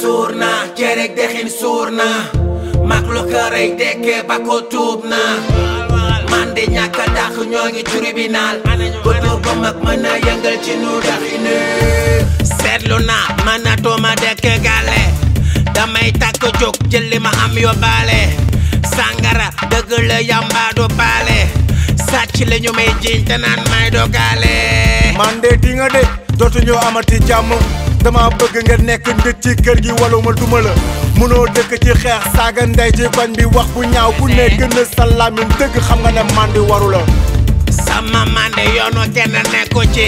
suur naa cereeg dexin suur naa mag lu këray dekke ba ko tuub naa man di ñàkk a dàq ñoo ngi Serluna, góor ba mag mën a yëngal ci nu damay takk jóg ma amyo bale. sàngara dëgg la yamba du paale sàcc la ñu may jiiñ te may dogaale man de nga de dootuñu amati jàmm dama bëgg nga nekk nit ci kër gi waluma duma la mënoo dëkk ci xeex saaga ndey ci koñ bi wax bu ñaaw bu ne gën a sa làmmiñ xam nga ne mandi waru la sama mandi yoonu kenn nekku ci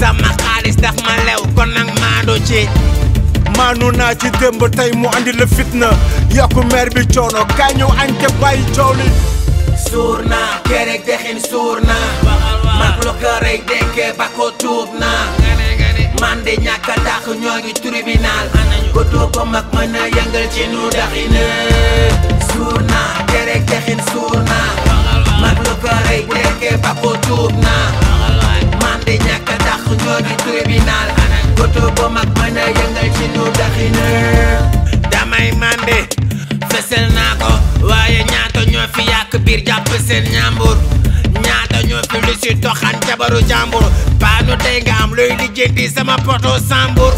sama xaalis tax ma lew kon nag maandu ci maanu naa ci démb tey mu andi la fitna yokku meer bi coono kaay ñu añ bàyyi coow li suur naa kereeg dexin suur mag lu ko rey dekkee ba man de ñàkk a dàq ñoo ngi tribunal mag mën a yëngal ci nu daxina suur naa dexin suur mag lu ko rey dekkee ba sen nyambur ñaata ñu fi lu si Baru jabaru jàmbur baanu tey nga am luy lijjanti sama poto sambur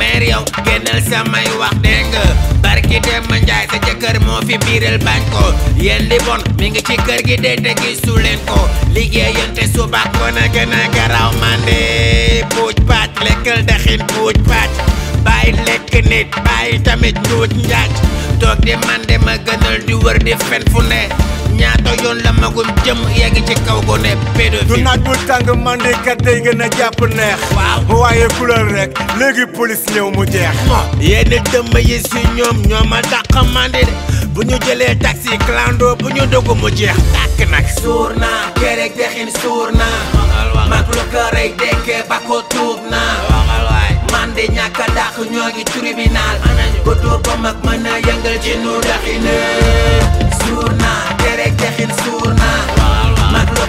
mer yow génnal samay wax dégg nga barki dem ma njaay sa jëkkër mo fi biiral bañ ko yéen li bon mi nga ci kër gi de te gisu leen ko liggéeyante suba ko na gëna a garaw mande puuj pat lekkal daxin puuj pat bay lek nit bay tamit njuuj ñak tok di mande ma gënal di wër di fen fu ne ñaato yoon la magum jëm yaa ngi ci kaw gone pédophile du naaj bu tàng mande kat day gën a jàpp neex waaye kulal rek legi police ñëw mu jeex yenn dëmm yi si ñoom ñooma dàq mande de bu ñu taxi clando bu ñu dogu mu jeex tàkk nag suur naa kerek dexin suur naa mag lu ko rey dekkee ba ko tuub man de ñàkka dàq ñoo tribunal ko dóor ba mag mën a ci nu daxine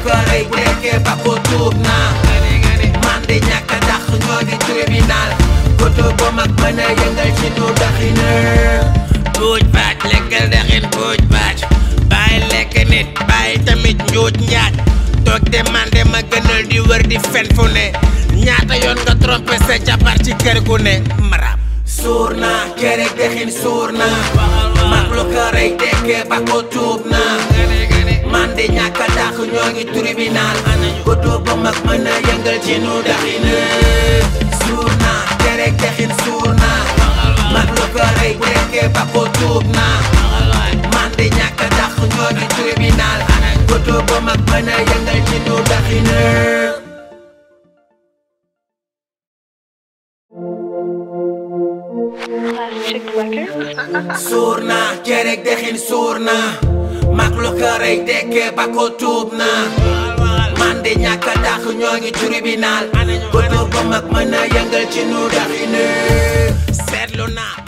koy dekkee ba ko tuub naa man di ñàkk a ñoo di tribunal koto bu mag mën a yëngal ci nu doxina buuj baaj lekkal dexin buuj baaj bàyyi lekk nit bàyyi tamit njuuj njaaj toog de man de ma gënal di wër di fen fu ne ñaata yoon nga trompé sa jabar ci kër gu ne marab suur naa kere dexin suur naa mag lu ko rey dekkee ba ko tuub naa làkk ñoo ngi tribunal anañu oto ba mag mën a yëngal ci nu daxina suur naa tere texin suur naa mag lu ko rey bu rekkee ba ko tuub naa man di ñàkk dàq ñoo ngi tribunal anañu oto ba kerek dexin surna. mag lu deke rey dekkee ba ko tuub naa man de ñàkk a ñoo ngi tribunal ko dóor ba mag mën a yëngal ci nu seetlu naa